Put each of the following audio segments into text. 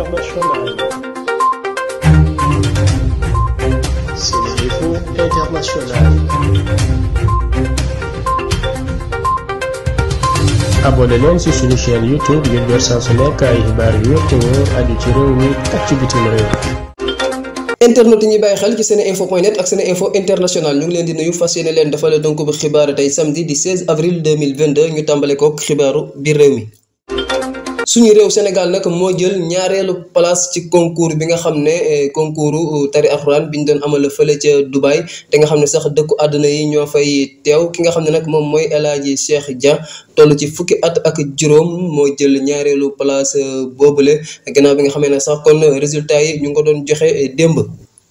internationale. Sénéinfo International. abonné leen ci suñu chaîne YouTube ngir jot saa su nekk ay xibaar yu wér te wóor aju ci réew mi ak ci bitim réew. internet ñi bàyyi xel ci sene info point net ak sene info international ñu ngi leen di nuyu fas yéene leen dafa la bu xibaar tey samedi di avril ñu tàmbale ko xibaaru biir réew mi suñu réew Sénégal nag moo jël ñaareelu place ci concours bi nga xam ne eh, concours tari alxuraan bi ñu doon amal fële ca Dubaï te nga xam ne sax dëkku àdduna yi ñoo fay teew ki nga xam ne nag moom mooy El Hadji Cheikh Dia toll ci fukki at ak juróom moo jël ñaareelu place eh, boobule gannaaw bi nga xamee ne sax kon résultat yi ñu ngi ko doon joxe eh, démb.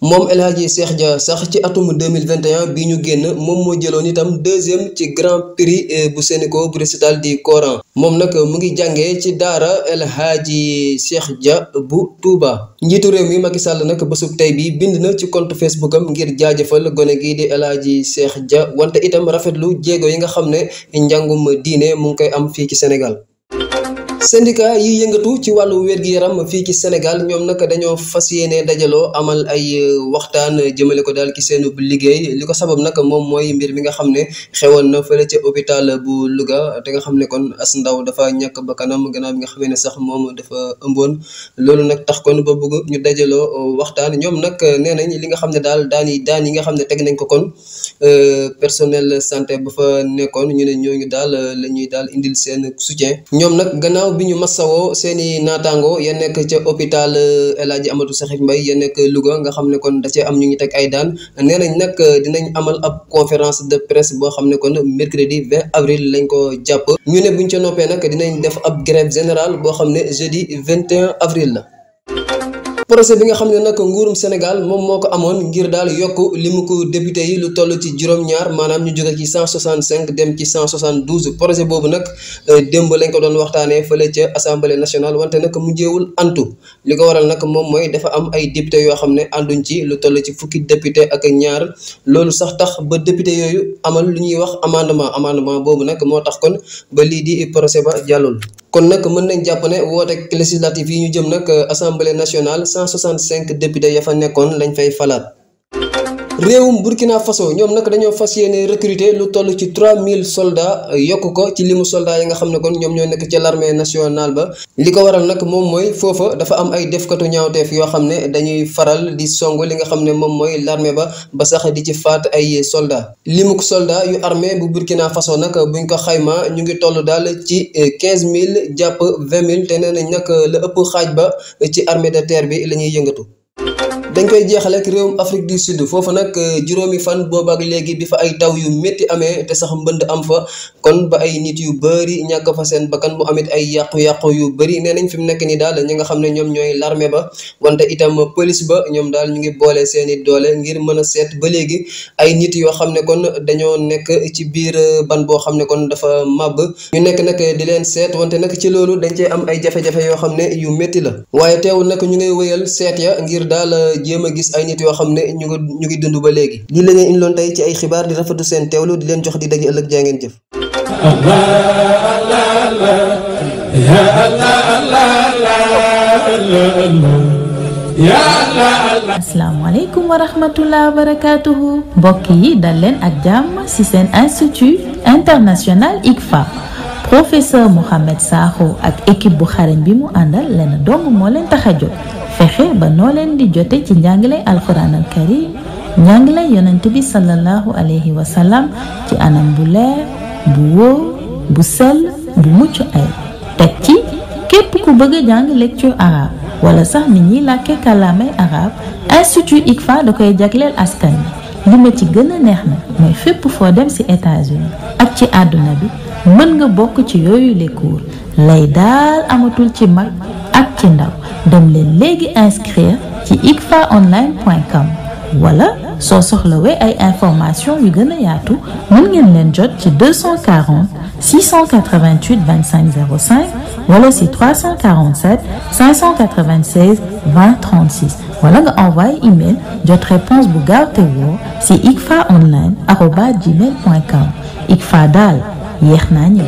moom El Hadji Cheikh Dia sax ci atum 2021 bi ñu génn moom moo jëloon itam deuxième ci grand prix eh, bu Sénégal bu récital di Coran moom nag mu ngi jàngee ci daara El Hadji Cheikh Dia bu Touba. njiitu réew mi Macky Sall nag bésub tey bi bind na ci compte Facebook am ngir jaajëfal gone gii di El Hadji Cheikh Dia wante itam rafetlu jéego yi nga xam ne njàngum diine mu ngi koy am fii ci Sénégal. syndicat yi yëngatu ci wàllu wér-gi-yaram fii ci Sénégal ñoom nag dañoo fas yéene dajaloo amal ay euh, waxtaan jëmale ko daal ci seen liggéey li ko sabab nag moom mooy mbir mi nga xam ne xewoon na fële ca hôpital bu Louga te nga xam ne kon as ndaw dafa ñàkk bakkanam gannaaw bi nga xamee ne sax moom dafa ëmboon loolu nag tax kon ba bëgg ñu dajaloo euh, waxtaan ñoom nag euh, nee nañ li nga xam ne daal daal yi daal yi nga xam ne teg nañ ko kon personnel santé ba fa nekkoon ñu ne ñooñu daal la ñuy daal indil seen soutien ñoom nag gannaaw ginnaaw bi ñu masawoo seen i naataangoo ya nekk ca hôpital eh, El Hadji Amadou Sakhir mbay ya nekk Louga nga xam ne kon da cee am ñu ngi teg ay daan nee nañ nag eh, dinañ amal ab conférence de presse boo xam ne kon mercredi 20 avril lañ ko jàpp ñu ne buñ ca noppee nag dinañ def ab grève générale boo xam ne jeudi 21 avril la procès bi nga xam ne nag nguurum Sénégal moom moo ko amoon ngir daal yokk li mu ko député yi lu toll ci juróom-ñaar maanaam ñu jóge ci cent soixante cinq dem ci cent soixante douze projet boobu nag euh, démb lañ ko doon waxtaanee fële ca assemblée nationale wante nag mujjeewul antu li ko waral nag moom mooy dafa am ay député yoo xam ne ànduñ ci lu toll ci fukki député ak ñaar loolu sax tax ba député yooyu amal lu ñuy wax amendement amendement boobu nag moo tax kon ba lii di procès ba jàllul kon nag mën nañ jàpp ne woote législative yi ñu jëm nag assemblée nationale 165 députés ya fa nekkoon lañ fay falaat réewum Burkina façon ñoom nag dañoo fas yéene recruter lu toll ci 3000 soldats euh, yokk ko ci limu solda yi nga xam ne kon ñoom ñoo nekk ca l'armée nationale ba li ko waral nag moom mooy foofa dafa am ay defkatu ñaawteef yoo xam ne dañuy faral di song li nga xam ne moom mooy l'armée ba ba sax di ci faat ay soldats limuk solda yu armée bu Burkina façon nag buñ ko xayma ñu ngi toll daal ci euh, quinze mille jàpp 20000 te nee nañ nag euh, la ëpp xaaj ba ci armée de bi la ñuy yëngatu. dañ koy jeexal ak réewum Afrique du Sud foofu nag euh, juróomi fan boobu ak léegi bi fa ay taw yu métti amee te sax mbënd am fa kon ba ay nit yu bëri ñàkk fa seen bakkan mu amit ay yàqu-yàqu yu bëri nee nañ fi mu nekk ni daal ñi nga xam ne ñoom ñooy l'armée ba wante itam police ba ñoom daal ñu ngi boole seeni doole ngir mën a seet ba léegi ay nit yoo xam ne kon dañoo nekk ci biir euh, ban boo xam ne kon dafa màbb ñu nekk nag di leen seet wante nag ci loolu dañ cee am ay jafe-jafe yoo xam ne yu métti la waaye teewul nag ñu ngay wéyal seet ya ngir daal euh, jéem a gis ay nit yoo xam ne ñu ngi ñu ngi dund ba léegi lii la ngeen indiloon tey ci ay xibaar di rafetlu seen teewlu di leen jox di daje ëllëg jaa ngeen jëf asalaamaaleykum wa rahmatullah wa barakaatuhu mbokk yi dal leen ak jàmm ci seen institut international ICFA professeur Mouhamed Sakho ak équipe bu xarañ bi mu àndal lenn dong moo leen tax a jóg fexe ba noo leen di jote ci njàngale alquran al karim njàngale yonent bi sallallahu alayhi wa sallam ci anam bu leer bu wóor bu sel bu mucc ay teg ci képp ku bëgg jàng lecture arabe wala sax nit ñiy làkke kàllaamay arabe institut ICFA da koy jagleel askan bi li ma ci gën a neex na mooy fépp foo dem ci États-Unis ak ci àdduna bi mën nga bokk ci yooyu les cours lay daal amatul ci mag ak ci ndaw dem leen léegi inscrire ci icfaonline.com wala soo soxlawee ay information yu gën a yaatu mën ngeen leen jot ci 240 688 25 05 wala si 347 596 20 36 wala nga envoyé email jot réponse bu gaaw te woo si ICFA online arobas gmail com ICFA daal yéex naa ñëw.